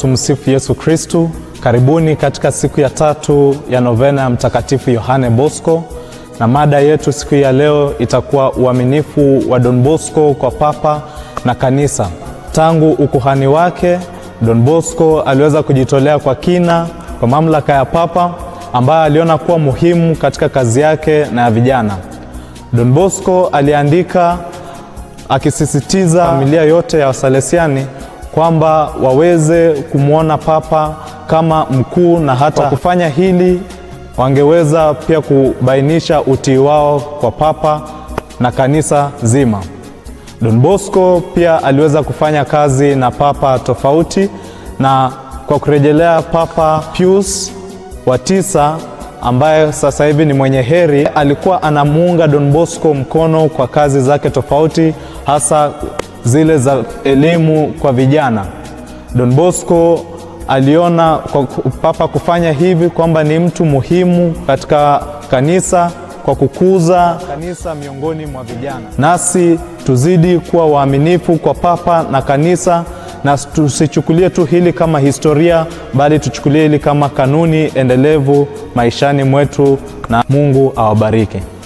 Tumsifu Yesu Kristu. Karibuni katika siku ya tatu ya novena ya Mtakatifu Yohane Bosco, na mada yetu siku ya leo itakuwa uaminifu wa Don Bosco kwa Papa na Kanisa. Tangu ukuhani wake, Don Bosco aliweza kujitolea kwa kina kwa mamlaka ya Papa ambayo aliona kuwa muhimu katika kazi yake na ya vijana. Don Bosco aliandika akisisitiza familia yote ya Wasalesiani kwamba waweze kumwona Papa kama mkuu, na hata kwa kufanya hili wangeweza pia kubainisha utii wao kwa Papa na kanisa zima. Don Bosco pia aliweza kufanya kazi na Papa tofauti, na kwa kurejelea Papa Pius wa tisa ambaye sasa hivi ni mwenye heri, alikuwa anamuunga Don Bosco mkono kwa kazi zake tofauti hasa zile za elimu kwa vijana. Don Bosco aliona kwa papa kufanya hivi kwamba ni mtu muhimu katika kanisa kwa kukuza kanisa miongoni mwa vijana. Nasi tuzidi kuwa waaminifu kwa papa na kanisa, na tusichukulie tu hili kama historia, bali tuchukulie hili kama kanuni endelevu maishani mwetu, na Mungu awabariki.